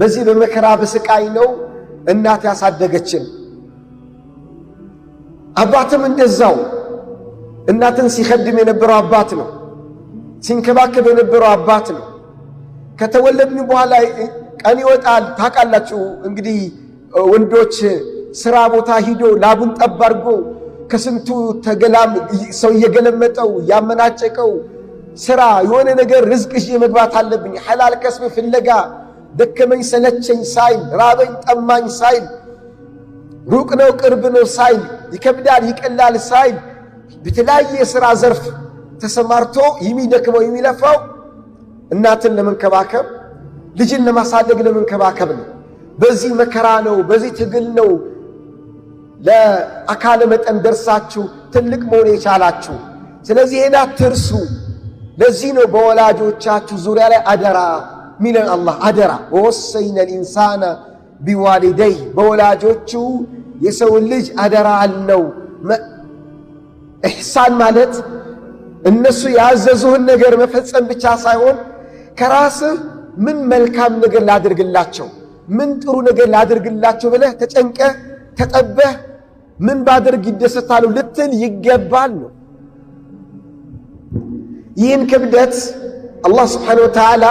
በዚህ በመከራ በስቃይ ነው እናት ያሳደገችን። አባትም እንደዛው እናትን ሲከድም የነበረው አባት ነው፣ ሲንከባከብ የነበረው አባት ነው። ከተወለድን በኋላ ቀን ይወጣል። ታውቃላችሁ እንግዲህ ወንዶች ስራ ቦታ ሂዶ ላቡን ጠብ አድርጎ ከስንቱ ተገላም ሰው እየገለመጠው ያመናጨቀው ስራ የሆነ ነገር ርዝቅ ይዤ መግባት አለብኝ ሐላል ከስብ ፍለጋ ደከመኝ ሰለቸኝ ሳይል፣ ራበኝ ጠማኝ ሳይል፣ ሩቅ ነው ቅርብ ነው ሳይል፣ ይከብዳል ይቀላል ሳይል በተለያየ የሥራ ዘርፍ ተሰማርቶ የሚደክመው የሚለፋው እናትን ለመንከባከብ ልጅን ለማሳደግ ለመንከባከብ ነው። በዚህ መከራ ነው፣ በዚህ ትግል ነው ለአካለ መጠን ደርሳችሁ ትልቅ መሆን የቻላችሁ። ስለዚህ ሄዳ ትርሱ። ለዚህ ነው በወላጆቻችሁ ዙሪያ ላይ አደራ ሚነል አላህ አደራ ወወሰይነ ልኢንሳነ ቢዋሊደይ በወላጆቹ የሰውን ልጅ አደራ አለው። ኢሕሳን ማለት እነሱ ያዘዙህን ነገር መፈጸም ብቻ ሳይሆን ከራስህ ምን መልካም ነገር ላድርግላቸው፣ ምን ጥሩ ነገር ላድርግላቸው ብለህ ተጨንቀህ ተጠበህ ምን ባድርግ ይደሰታሉ ልትል ይገባል ነው። ይህን ክብደት አላህ ስብሓነሁ ወተዓላ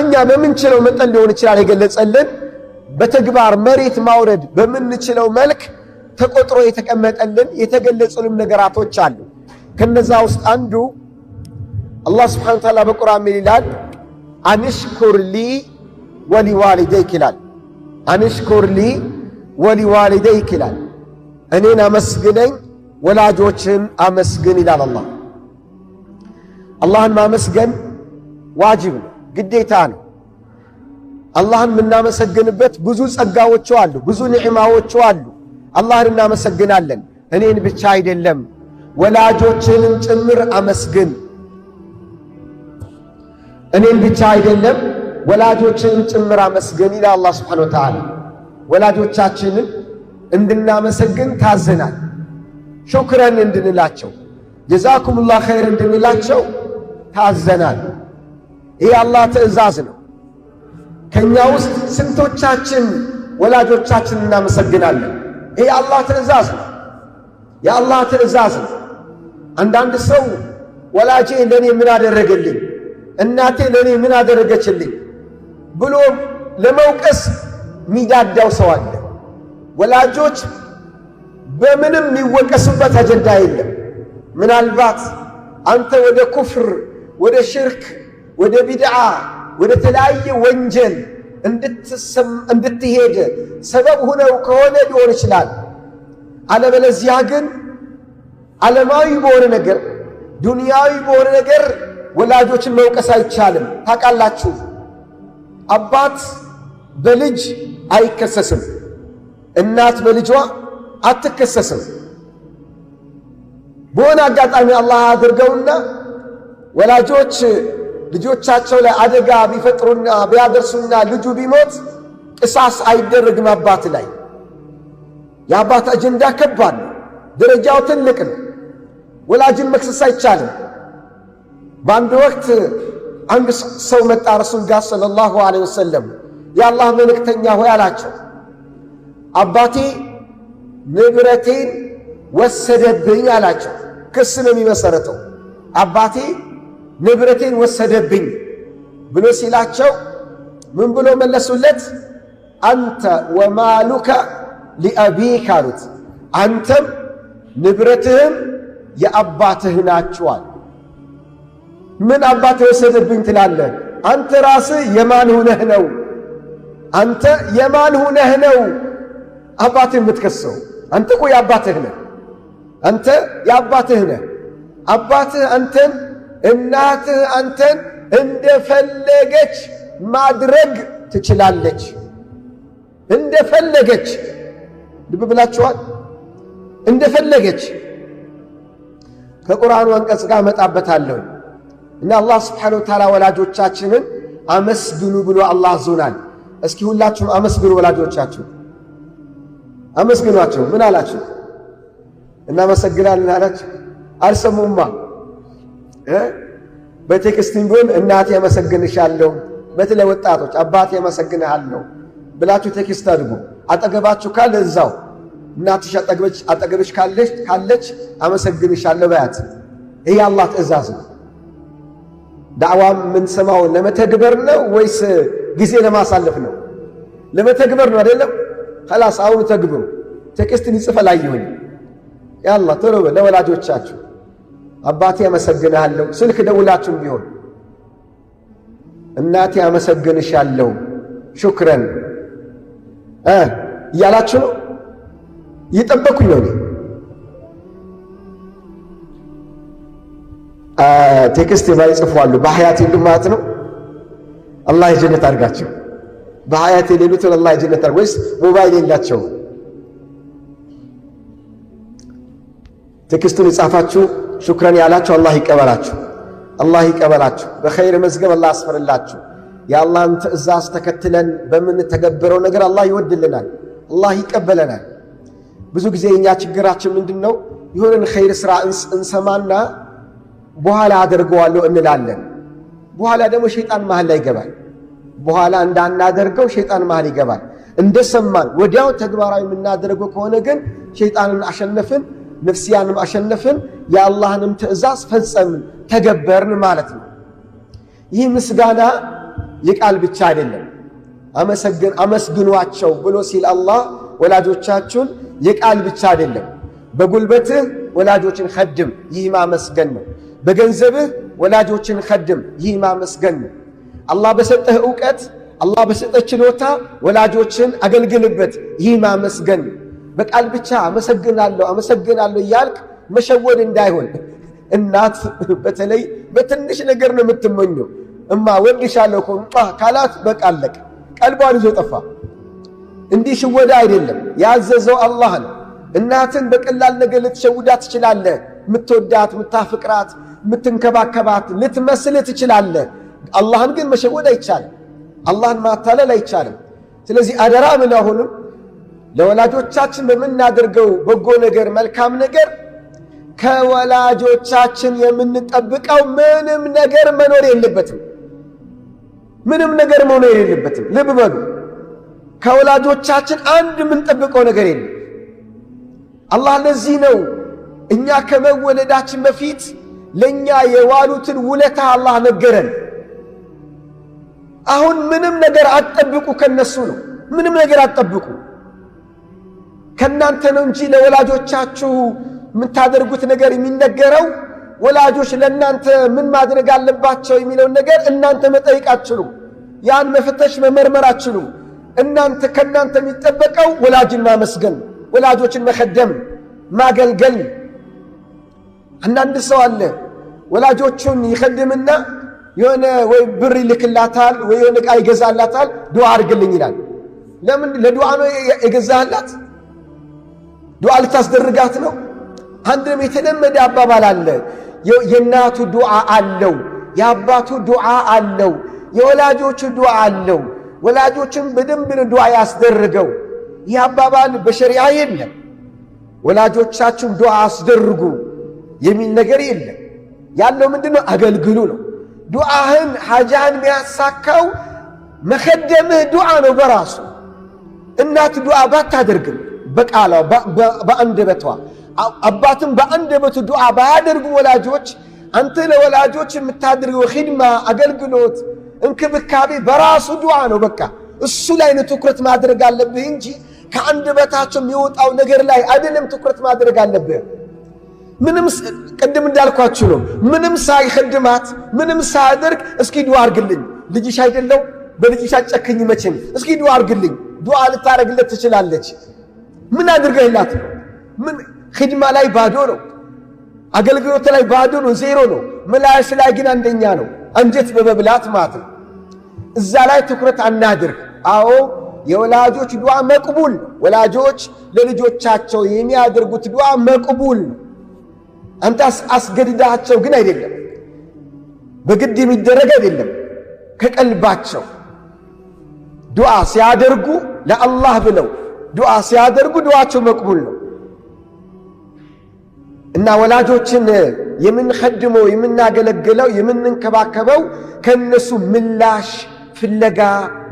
እኛ በምንችለው መጠን ሊሆን ይችላል የገለጸልን። በተግባር መሬት ማውረድ በምንችለው መልክ ተቆጥሮ የተቀመጠልን የተገለጹልን ነገራቶች አሉ። ከነዛ ውስጥ አንዱ አላህ ስብሓነሁ ወተዓላ በቁርአን ምን ይላል? አንሽኩር ሊ ወሊዋሊደይክ ይላል። አንሽኩር ሊ ወሊዋሊደይክ ይላል። እኔን አመስግነኝ ወላጆችን አመስግን ይላል። አላህ አላህን ማመስገን ዋጅብ ነው። ግዴታ ነው። አላህን የምናመሰግንበት ብዙ ጸጋዎቹ አሉ፣ ብዙ ኒዕማዎቹ አሉ። አላህን እናመሰግናለን። እኔን ብቻ አይደለም፣ ወላጆችንም ጭምር አመስግን። እኔን ብቻ አይደለም፣ ወላጆችንም ጭምር አመስግን ይላል አላህ ሱብሓነሁ ወተዓላ። ወላጆቻችንን እንድናመሰግን ታዘናል። ሹክረን እንድንላቸው፣ ጀዛኩሙላህ ኸይር እንድንላቸው ታዘናል። ይህ የአላህ ትእዛዝ ነው። ከእኛ ውስጥ ስንቶቻችን ወላጆቻችን እናመሰግናለን? ይህ አላህ ትእዛዝ ነው። የአላህ ትእዛዝ ነው። አንዳንድ ሰው ወላጄ ለእኔ ምን አደረገልኝ፣ እናቴ ለእኔ ምን አደረገችልኝ ብሎ ለመውቀስ ሚዳዳው ሰው አለ። ወላጆች በምንም የሚወቀሱበት አጀንዳ የለም። ምናልባት አንተ ወደ ኩፍር ወደ ሽርክ ወደ ቢድዓ ወደ ተለያየ ወንጀል እንድትሄድ ሰበብ ሁነው ከሆነ ሊሆን ይችላል። አለበለዚያ ግን ዓለማዊ በሆነ ነገር ዱንያዊ በሆነ ነገር ወላጆችን መውቀስ አይቻልም። ታውቃላችሁ፣ አባት በልጅ አይከሰስም፣ እናት በልጇ አትከሰስም። በሆነ አጋጣሚ አላህ አድርገውና ወላጆች ልጆቻቸው ላይ አደጋ ቢፈጥሩና ቢያደርሱና ልጁ ቢሞት ቅሳስ አይደረግም። አባት ላይ የአባት አጀንዳ ከባድ ነው፣ ደረጃው ትልቅ ነው። ወላጅን መክሰስ አይቻልም። በአንድ ወቅት አንድ ሰው መጣ ረሱል ጋር ሰለላሁ ዐለይሂ ወሰለም የአላህ መልእክተኛ ሆይ አላቸው፣ አባቴ ንብረቴን ወሰደብኝ አላቸው። ክስ ነው የሚመሰረተው አባቴ ንብረቴን ወሰደብኝ ብሎ ሲላቸው ምን ብሎ መለሱለት? አንተ ወማሉከ ሊአቢክ አሉት። አንተም ንብረትህም የአባትህ ናችኋል። ምን አባትህ ወሰደብኝ ትላለህ? አንተ ራስህ የማን ሁነህ ነው? አንተ የማን ሁነህ ነው አባትህ የምትከሰው? አንተ እኮ የአባትህ ነህ። አንተ የአባትህ ነህ። አባትህ አንተን እናትህ አንተን እንደፈለገች ማድረግ ትችላለች። እንደፈለገች ልብ ብላችኋል። እንደፈለገች ከቁርአኑ አንቀጽ ጋር እመጣበታለሁ እና አላህ ስብሓነሁ ወተዓላ ወላጆቻችንን አመስግኑ ብሎ አላህ አዞናል። እስኪ ሁላችሁም አመስግኑ ወላጆቻችሁ፣ አመስግኗቸው። ምን አላችሁ? እናመሰግናለን አላችሁ። አልሰሙማ በቴክስቲም ቢሆን እናቴ አመሰግንሻለሁ፣ በተለይ ወጣቶች አባቴ አመሰግንሃለሁ ብላችሁ ቴክስት አድርጉ። አጠገባችሁ ካለ እዛው እናትሽ አጠገበች ካለች ካለች አመሰግንሻለሁ በያት። ይህ አላህ ትእዛዝ ነው። ዳዕዋም የምንሰማው ለመተግበር ነው ወይስ ጊዜ ለማሳለፍ ነው? ለመተግበር ነው አይደለም? ከላስ አሁኑ ተግብሩ። ቴክስትን ይጽፈላ አየሁኝ ያላ ቶሎ ለወላጆቻችሁ አባቴ አመሰግንሃለሁ፣ ስልክ ደውላችሁም ቢሆን እናቴ አመሰግንሻለሁ፣ ሹክረን እያላችሁ ነው። እየጠበኩኝ ነው። ቴክስት የማይጽፉ አሉ፣ በሀያት የሉም ማለት ነው። አላህ የጀነት አድርጋቸው። በሀያት የሌሉትን አላህ የጀነት አድርጋ ወይስ ሞባይል የላቸው ትክስቱን የጻፋችሁ ሹክረን ያላችሁ አላህ ይቀበላችሁ፣ አላህ ይቀበላችሁ። በኸይር መዝገብ አላህ አስፈርላችሁ። የአላህን ትእዛዝ ተከትለን በምንተገብረው ነገር አላህ ይወድልናል፣ አላህ ይቀበለናል። ብዙ ጊዜ እኛ ችግራችን ምንድን ነው? ይሁንን ኸይር ሥራ እንሰማና በኋላ አደርገዋለሁ እንላለን። በኋላ ደግሞ ሸይጣን መሃል ላይ ይገባል። በኋላ እንዳናደርገው ሸይጣን መሃል ይገባል። እንደሰማን ወዲያው ተግባራዊ የምናደርገው ከሆነ ግን ሸይጣንን አሸነፍን። ነፍስያንም አሸነፍን፣ የአላህንም ትእዛዝ ፈጸምን ተገበርን ማለት ነው። ይህ ምስጋና የቃል ብቻ አይደለም። አመስግኗቸው ብሎ ሲል አላህ ወላጆቻችሁን የቃል ብቻ አይደለም። በጉልበትህ ወላጆችን ኸድም፣ ይህ ማመስገን ነው። በገንዘብህ ወላጆችን ኸድም፣ ይህ ማመስገን ነው። አላህ በሰጠህ እውቀት፣ አላህ በሰጠህ ችሎታ ወላጆችን አገልግልበት፣ ይህ ማመስገን ነው። በቃል ብቻ አመሰግናለሁ አመሰግናለሁ እያልክ መሸወድ እንዳይሆን። እናት በተለይ በትንሽ ነገር ነው የምትመኘው። እማ ወድሻለሁ እኮ ካላት በቃ አለቀ፣ ቀልቧን ይዞ ጠፋ። እንዲህ ሽወዳ አይደለም፣ ያዘዘው አላህ ነው። እናትን በቀላል ነገር ልትሸውዳት ትችላለህ። ምትወዳት፣ ምታፍቅራት፣ ምትንከባከባት ልትመስል ትችላለህ። አላህን ግን መሸወድ አይቻልም። አላህን ማታለል አይቻልም። ስለዚህ አደራ ምን አሁንም ለወላጆቻችን በምናደርገው በጎ ነገር፣ መልካም ነገር ከወላጆቻችን የምንጠብቀው ምንም ነገር መኖር የለበትም። ምንም ነገር መኖር የለበትም። ልብ በሉ፣ ከወላጆቻችን አንድ የምንጠብቀው ነገር የለም። አላህ ለዚህ ነው እኛ ከመወለዳችን በፊት ለእኛ የዋሉትን ውለታ አላህ ነገረን። አሁን ምንም ነገር አትጠብቁ ከነሱ ነው። ምንም ነገር አትጠብቁ። ከእናንተ ነው እንጂ ለወላጆቻችሁ የምታደርጉት ነገር የሚነገረው። ወላጆች ለእናንተ ምን ማድረግ አለባቸው የሚለውን ነገር እናንተ መጠየቅ አችሉ ያን መፈተሽ መመርመር አችሉ እናንተ ከእናንተ የሚጠበቀው ወላጅን ማመስገን፣ ወላጆችን መከደም፣ ማገልገል። አንዳንድ ሰው አለ ወላጆቹን ይከድምና የሆነ ወይ ብር ይልክላታል ወይ የሆነ ዕቃ ይገዛላታል። ዱዓ አድርግልኝ ይላል። ለምን ለዱዓ ነው የገዛህላት ዱዓ ልታስደርጋት ነው። አንድም የተለመደ አባባል አለ። የእናቱ ዱዓ አለው፣ የአባቱ ዱዓ አለው፣ የወላጆቹ ዱዓ አለው። ወላጆችን በደንብን ዱዓ ያስደርገው። ይህ አባባል በሸሪዓ የለም። ወላጆቻችሁ ዱዓ አስደርጉ የሚል ነገር የለም። ያለው ምንድነው ነው? አገልግሉ ነው። ዱዓህን ሓጃህን የሚያሳካው መከደምህ ዱዓ ነው በራሱ እናት ዱዓ ባታደርግም በቃሏ በአንደበቷ አባትም በአንደበቱ ዱዓ ባያደርጉ ወላጆች አንተ ለወላጆች የምታደርገው ሂድማ አገልግሎት እንክብካቤ በራሱ ዱዓ ነው። በቃ እሱ ላይ ነው ትኩረት ማድረግ አለብህ እንጂ ከአንደበታቸው የሚወጣው ነገር ላይ አይደለም ትኩረት ማድረግ አለብህ። ምንም ቅድም እንዳልኳችሁ ነው። ምንም ሳይኸድማት ምንም ሳያደርግ እስኪ ዱዓ አርግልኝ ልጅሽ አይደለው በልጅሽ አጨክኝ መቼም እስኪ ዱዓ አርግልኝ ዱዓ ልታረግለት ትችላለች። ምን አድርገህላት ነው? ምን ኺድማ ላይ ባዶ ነው። አገልግሎት ላይ ባዶ ነው፣ ዜሮ ነው። ምላሽ ላይ ግን አንደኛ ነው፣ አንጀት በመብላት ማለት ነው። እዛ ላይ ትኩረት አናድርግ። አዎ የወላጆች ዱዓ መቅቡል፣ ወላጆች ለልጆቻቸው የሚያደርጉት ዱዓ መቅቡል አንታስ አንተ አስገድዳቸው ግን አይደለም፣ በግድ የሚደረግ አይደለም። ከቀልባቸው ዱዓ ሲያደርጉ ለአላህ ብለው ዱዓ ሲያደርጉ ዱዓቸው መቅቡል ነው እና ወላጆችን የምንከድመው የምናገለግለው የምንንከባከበው ከእነሱ ምላሽ ፍለጋ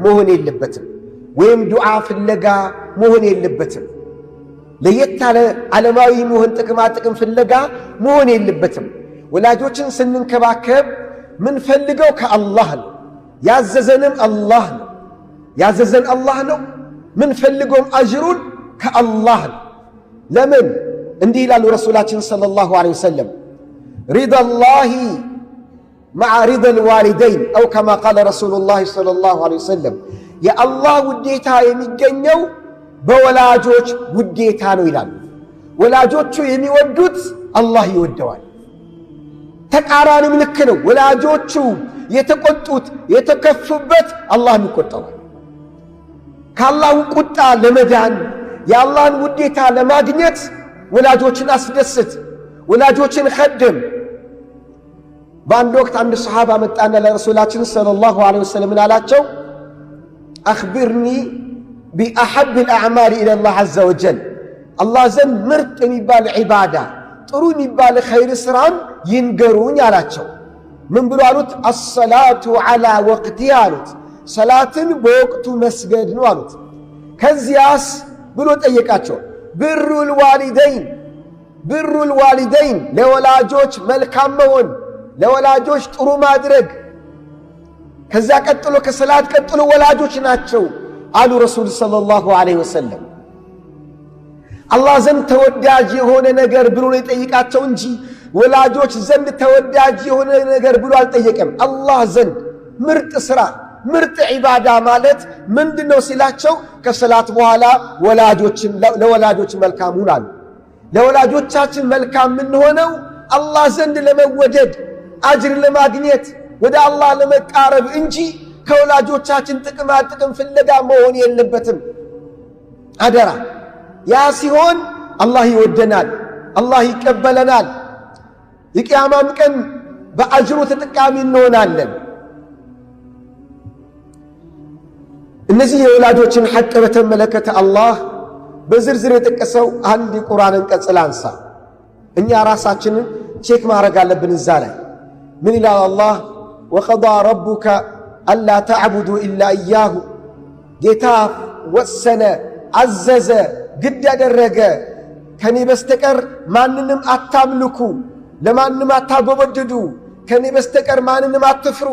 መሆን የለበትም፣ ወይም ዱዓ ፍለጋ መሆን የለበትም። ለየት ያለ ዓለማዊ የሚሆን ጥቅማ ጥቅም ፍለጋ መሆን የለበትም። ወላጆችን ስንንከባከብ ምንፈልገው ከአላህ ነው። ያዘዘንም አላህ ነው። ያዘዘን አላህ ነው። ምን ፈልገውም አጅሩን ከአላህ ለምን እንዲህ ይላሉ ረሱላችን ሰለላሁ ዐለይሂ ወሰለም ሪዳላሂ መዓ ሪደል ዋሊደይን አው ከማ ቃለ ረሱሉላሂ ሰለላሁ ዐለይሂ ወሰለም የአላህ ውዴታ የሚገኘው በወላጆች ውዴታ ነው ይላሉ። ወላጆቹ የሚወዱት አላህ ይወደዋል። ተቃራኒም ልክ ነው። ወላጆቹ የተቆጡት የተከፉበት አላህም ይቆጠዋል። ከአላሁ ቁጣ ለመዳን የአላህን ውዴታ ለማግኘት ወላጆችን አስደስት፣ ወላጆችን ከድም። በአንድ ወቅት አንድ ሰሓባ መጣና ለረሱላችን ሰለላሁ ዐለይሂ ወሰለም አላቸው፣ አኽቢርኒ ቢአሐብ ልአዕማል ኢለላህ ዐዘ ወጀል፣ አላህ ዘንድ ምርጥ የሚባል ዒባዳ ጥሩ የሚባል ኸይር ስራን ይንገሩኝ አላቸው። ምን ብሎ አሉት? አሰላቱ ዐላ ወቅቲሃ አሉት ሰላትን በወቅቱ መስገድ ነው አሉት። ከዚያስ ብሎ ጠየቃቸው። ብሩል ዋሊደይን ብሩል ዋሊደይን ለወላጆች መልካም መሆን፣ ለወላጆች ጥሩ ማድረግ። ከዚያ ቀጥሎ ከሰላት ቀጥሎ ወላጆች ናቸው አሉ ረሱል ሰለላሁ ዐለይሂ ወሰለም። አላህ ዘንድ ተወዳጅ የሆነ ነገር ብሎ ነው የጠይቃቸው እንጂ ወላጆች ዘንድ ተወዳጅ የሆነ ነገር ብሎ አልጠየቀም። አላህ ዘንድ ምርጥ ሥራ ምርጥ ዒባዳ ማለት ምንድን ነው ሲላቸው፣ ከሰላት በኋላ ለወላጆች መልካም ሁን አሉ። ለወላጆቻችን መልካም የምንሆነው አላህ ዘንድ ለመወደድ አጅር ለማግኘት ወደ አላህ ለመቃረብ እንጂ ከወላጆቻችን ጥቅማ ጥቅም ፍለጋ መሆን የለበትም። አደራ። ያ ሲሆን አላህ ይወደናል፣ አላህ ይቀበለናል። የቅያማም ቀን በአጅሩ ተጠቃሚ እንሆናለን። እነዚህ የወላጆችን ሐቅ በተመለከተ አላህ በዝርዝር የጠቀሰው አንድ የቁርአን አንቀጽ ላንሳ። እኛ ራሳችንን ቼክ ማድረግ አለብን። እዛ ላይ ምን ይላል አላህ? ወቀዳ ረቡከ አላ ተዕቡዱ ኢላ እያሁ፣ ጌታ ወሰነ፣ አዘዘ፣ ግድ ያደረገ ከኔ በስተቀር ማንንም አታምልኩ፣ ለማንም አታጎበድዱ፣ ከኔ በስተቀር ማንንም አትፍሩ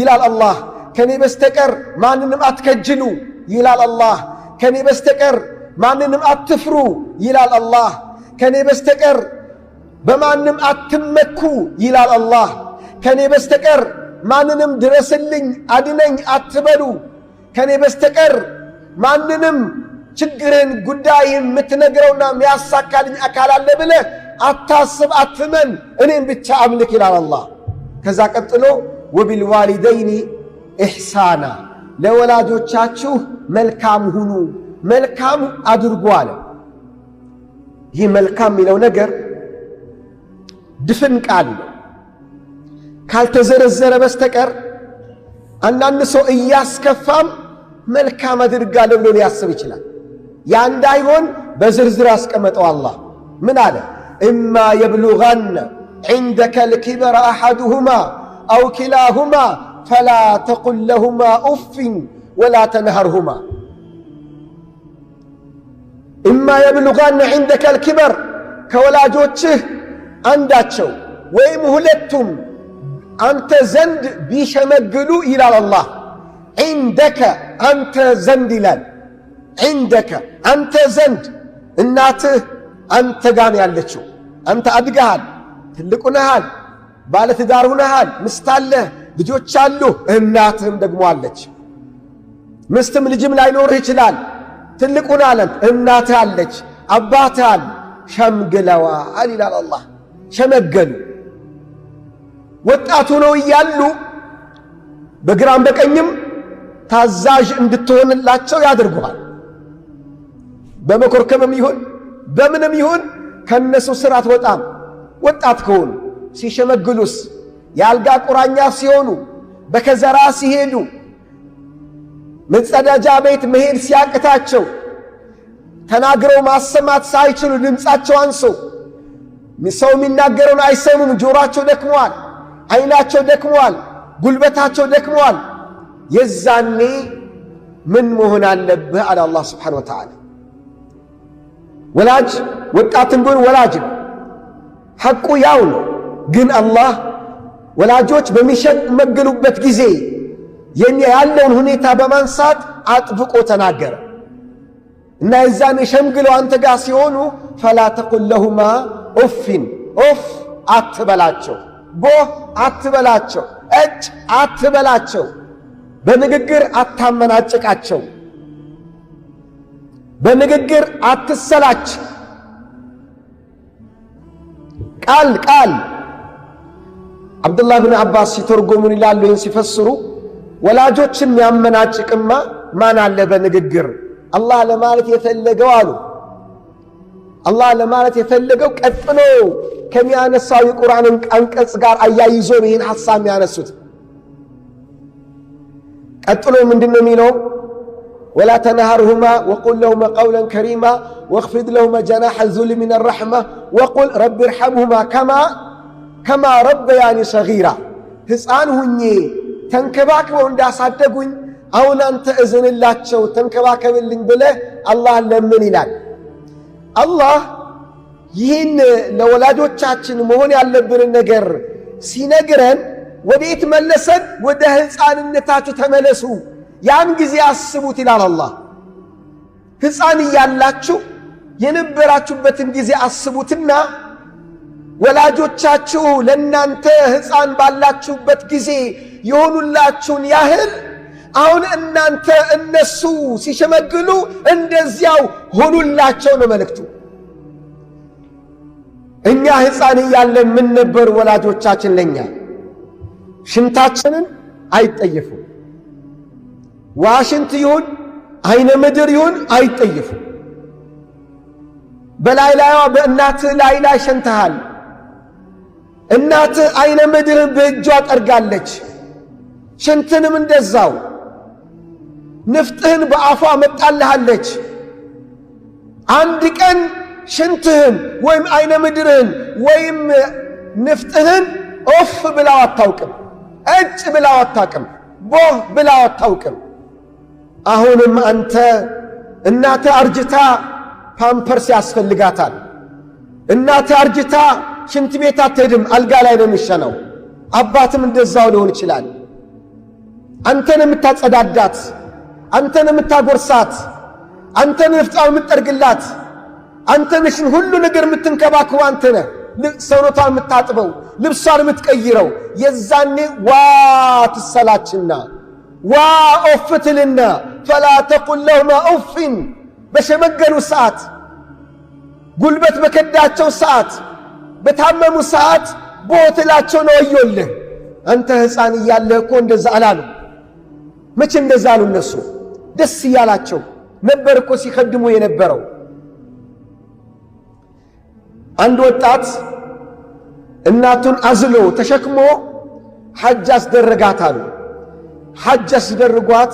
ይላል አላህ። ከኔ በስተቀር ማንንም አትከጅሉ ይላል አላህ። ከኔ በስተቀር ማንንም አትፍሩ ይላል አላህ። ከኔ በስተቀር በማንም አትመኩ ይላል አላህ። ከኔ በስተቀር ማንንም ድረስልኝ አድነኝ አትበሉ። ከኔ በስተቀር ማንንም ችግርን ጉዳይ የምትነግረውና የሚያሳካልኝ አካል አለ ብለህ አታስብ፣ አትመን፣ እኔም ብቻ አምልክ ይላል አላህ። ከዛ ቀጥሎ ወቢልዋሊደይኒ ኢሕሳና ለወላጆቻችሁ መልካም ሁኑ፣ መልካም አድርጉ አለ። ይህ መልካም የሚለው ነገር ድፍን ቃል ነው ካልተዘረዘረ በስተቀር አንዳንድ ሰው እያስከፋም መልካም አድርጋለሁ ብሎ ሊያስብ ይችላል። ያ እንዳይሆን በዝርዝር አስቀመጠው። አላህ ምን አለ? እማ የብሉገነ ዒንደከ ልኪበረ አሐዱሁማ አው ኪላሁማ ፈላ ተቁል ለሁማ ኡፍን ወላ ተነሃርሁማ እማ የብሉጋነ ዒንደከል ኪበር ከወላጆችህ አንዳቸው ወይም ሁለቱም አንተ ዘንድ ቢሸመግሉ ይላል አላህ። ዒንደከ አንተ ዘንድ ይላል። ዒንደከ አንተ ዘንድ እናትህ አንተ ጋን ያለችው አንተ አድገሃል፣ ትልቅ ሁነሃል፣ ባለትዳር ሁነሃል፣ ምስታለህ ልጆች አሉ፣ እናትህም ደግሞ አለች። ምስትም ልጅም ላይኖርህ ይችላል። ትልቁን አለን እናትህ አለች፣ አባትህ አለ። ሸምግለዋል ይላል አላህ። ሸመገሉ ወጣቱ ነው እያሉ በግራም በቀኝም ታዛዥ እንድትሆንላቸው ያደርገዋል። በመኮርከምም ይሁን በምንም ይሁን ከእነሱ ስራ አትወጣም። ወጣት ከሆኑ ሲሸመግሉስ የአልጋ ቁራኛ ሲሆኑ በከዘራ ሲሄዱ መጸዳጃ ቤት መሄድ ሲያቅታቸው ተናግረው ማሰማት ሳይችሉ ድምፃቸው አንሶ ሰው የሚናገረውን አይሰሙም። ጆሯቸው ደክመዋል፣ ዓይናቸው ደክመዋል፣ ጉልበታቸው ደክመዋል። የዛኔ ምን መሆን አለብህ አለ አላህ ስብሓነሁ ወተዓላ። ወላጅ ወጣትን ጎን ወላጅ ነው፣ ሐቁ ያው ነው። ግን አላህ ወላጆች በሚሸመግሉበት ጊዜ ያለውን ሁኔታ በማንሳት አጥብቆ ተናገረ እና የዛን ሸምግለው አንተ ጋር ሲሆኑ ፈላ ተቁል ለሁማ ኡፊን ኡፍ አትበላቸው፣ ቦህ አትበላቸው፣ እጭ አትበላቸው፣ በንግግር አታመናጭቃቸው፣ በንግግር አትሰላች ቃል ቃል አብዱላህ ብን አባስ ሲተርጎሙን ይላሉ ይህን ሲፈስሩ ወላጆችን የሚያመናጭቅማ ማን አለ በንግግር አላህ ለማለት የፈለገው አሉ አላህ ለማለት የፈለገው ቀጥሎ ከሚያነሳው የቁርአንን አንቀጽ ጋር አያይዞ ነው ይህን ሐሳብ የሚያነሱት። ቀጥሎ ምንድን ነው የሚለው? ወላ ተንሃርሁማ ወቁል ለሁመ ቀውለን ከሪማ ወክፊድ ለሁመ ጀናሐ ዙል ሚን ረሕማ ወቁል ረቢ ርሐምሁማ ከማ ከማ ረበያኒ ሰጊራ ሕፃን ሁኜ ተንከባክበው እንዳሳደጉኝ አሁን አንተ እዝንላቸው ተንከባከብልኝ ብለህ አላህ ለምን ይላል። አላህ ይህን ለወላጆቻችን መሆን ያለብንን ነገር ሲነግረን ወዴት መለሰን? ወደ ሕፃንነታችሁ ተመለሱ፣ ያን ጊዜ አስቡት ይላል አላህ። ሕፃን እያላችሁ የነበራችሁበትን ጊዜ አስቡትና ወላጆቻችሁ ለእናንተ ሕፃን ባላችሁበት ጊዜ የሆኑላችሁን ያህል አሁን እናንተ እነሱ ሲሸመግሉ እንደዚያው ሆኑላቸው ነው መልእክቱ። እኛ ሕፃን እያለን ምን ነበር ወላጆቻችን ለእኛ? ሽንታችንን አይጠይፉ ዋሽንት ይሁን አይነ ምድር ይሁን አይጠይፉ በላይ ላይዋ በእናት ላይ ላይ ሸንተሃል እናትህ አይነ ምድርን በእጇ ጠርጋለች። ሽንትንም እንደዛው ንፍጥህን በአፏ መጣልሃለች። አንድ ቀን ሽንትህን ወይም አይነ ምድርህን ወይም ንፍጥህን ኦፍ ብላው አታውቅም። እጭ ብላው አታውቅም። ቦህ ብላው አታውቅም። አሁንም አንተ እናትህ አርጅታ ፓምፐርስ ያስፈልጋታል። እናትህ አርጅታ ሽንት ቤት አትሄድም፣ አልጋ ላይ ነው የሚሸናው። አባትም እንደዛው ሊሆን ይችላል። አንተን የምታጸዳዳት፣ አንተን የምታጎርሳት፣ አንተን የምጠርግላት የምትጠርግላት፣ አንተንሽን ሁሉ ነገር የምትንከባክበው አንተ ነህ። ሰውነቷን የምታጥበው፣ ልብሷን የምትቀይረው። የዛኔ ዋ ትሰላችና ዋ ኦፍትልና ፈላ ተቁል ለሁማ ኦፍን በሸመገሉ ሰዓት ጉልበት በከዳቸው ሰዓት በታመሙ ሰዓት በሆቴላቸው ነው ወዮልህ። አንተ ሕፃን እያለህ እኮ እንደዛ አላሉ። መቼ እንደዛ አሉ? እነሱ ደስ እያላቸው ነበር እኮ ሲከድሙ የነበረው። አንድ ወጣት እናቱን አዝሎ ተሸክሞ ሐጅ አስደረጋት አሉ። ሐጅ አስደርጓት፣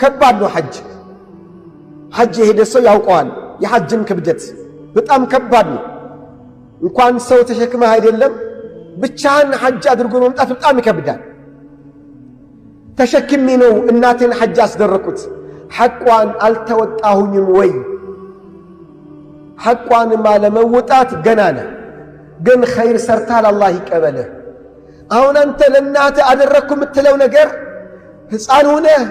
ከባድ ነው ሐጅ። ሐጅ የሄደ ሰው ያውቀዋል የሐጅን ክብደት፣ በጣም ከባድ ነው። እንኳን ሰው ተሸክመህ አይደለም ብቻህን ሐጅ አድርጎ መምጣት በጣም ይከብዳል። ተሸክሚ ነው እናቴን ሐጅ አስደረኩት። ሐቋን አልተወጣሁኝም ወይ? ሐቋንማ ለመወጣት ገና ነህ። ግን ኸይር ሰርታል፣ አላህ ይቀበልህ። አሁን አንተ ለእናትህ አደረግኩ የምትለው ነገር ሕፃን ሆነህ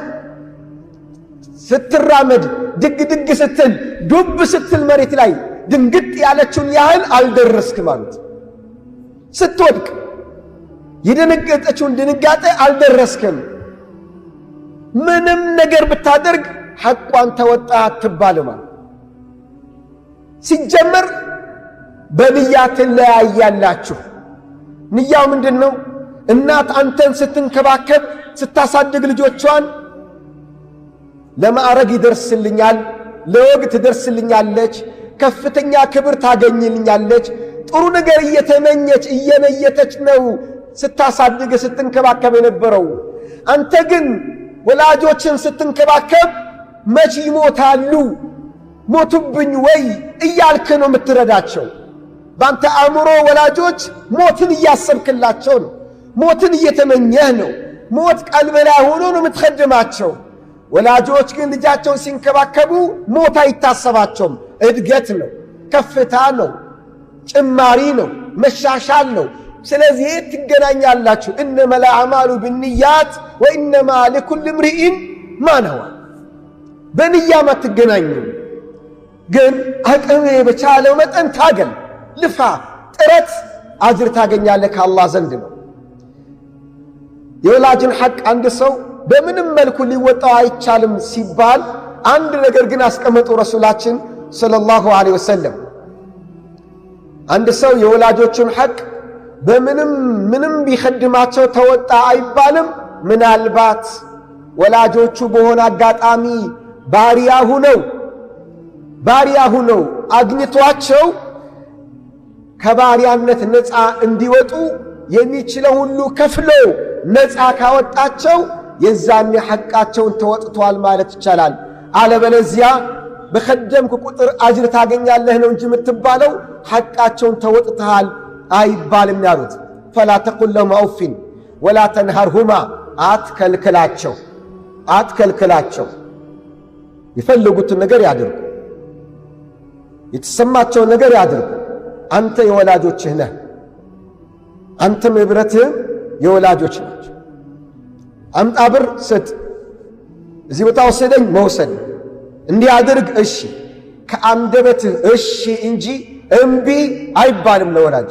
ስትራመድ ድግ ድግ ስትል ዱብ ስትል መሬት ላይ ድንግጥ ያለችውን ያህል አልደረስክ ማለት ስትወድቅ የደነገጠችውን ድንጋጤ አልደረስክም። ምንም ነገር ብታደርግ ሐቋን ተወጣ አትባል ማለት ሲጀመር በንያ ትለያያላችሁ። ንያው ምንድን ነው? እናት አንተን ስትንከባከብ ስታሳድግ ልጆቿን ለማዕረግ ይደርስልኛል፣ ለወግ ትደርስልኛለች ከፍተኛ ክብር ታገኝልኛለች። ጥሩ ነገር እየተመኘች እየመየተች ነው ስታሳድግ ስትንከባከብ የነበረው። አንተ ግን ወላጆችን ስትንከባከብ መች ይሞታሉ ሞቱብኝ ወይ እያልክ ነው የምትረዳቸው። በአንተ አእምሮ ወላጆች ሞትን እያሰብክላቸው ነው። ሞትን እየተመኘህ ነው። ሞት ቀልብ ላይ ሆኖ ነው የምትከድማቸው። ወላጆች ግን ልጃቸውን ሲንከባከቡ ሞት አይታሰባቸውም። እድገት ነው፣ ከፍታ ነው፣ ጭማሪ ነው፣ መሻሻል ነው። ስለዚህ ትገናኛላችሁ። እነመ አዕማሉ ብንያት ወኢነማ ሊኩል ምርኢን ማነዋ። በንያም አትገናኙ፣ ግን አቅም በቻለው መጠን ታገል፣ ልፋ፣ ጥረት አጅር ታገኛለህ ከአላህ ዘንድ ነው። የወላጅን ሐቅ አንድ ሰው በምንም መልኩ ሊወጣው አይቻልም ሲባል አንድ ነገር ግን አስቀመጡ ረሱላችን ሰለላሁ ዐለይሂ ወሰለም አንድ ሰው የወላጆቹን ሐቅ በምንም ምንም ቢከድማቸው ተወጣ አይባልም። ምናልባት ወላጆቹ በሆነ አጋጣሚ ባሪያ ሁነው ባሪያ ሁነው አግኝቷቸው ከባሪያነት ነፃ እንዲወጡ የሚችለው ሁሉ ከፍሎ ነፃ ካወጣቸው የዛኔ ሐቃቸውን ተወጥቷል ማለት ይቻላል። አለበለዚያ በከደምክ ቁጥር አጅር ታገኛለህ ነው እንጂ የምትባለው ሐቃቸውን ተወጥተሃል አይባልም ያሉት። ፈላ ተቁል ለሁማ ኡፊን ወላ ተንሃርሁማ አትከልክላቸው፣ አትከልክላቸው። የፈለጉትን ነገር ያድርጉ፣ የተሰማቸውን ነገር ያድርጉ። አንተ የወላጆችህ ነህ፣ አንተም ንብረትህ የወላጆች ናቸው። አምጣ ብር ስጥ፣ እዚህ ቦታ ወሰደኝ መውሰድ እንዲያደርግ እሺ ከአንደበትህ እሺ እንጂ እምቢ አይባልም ለወላጅ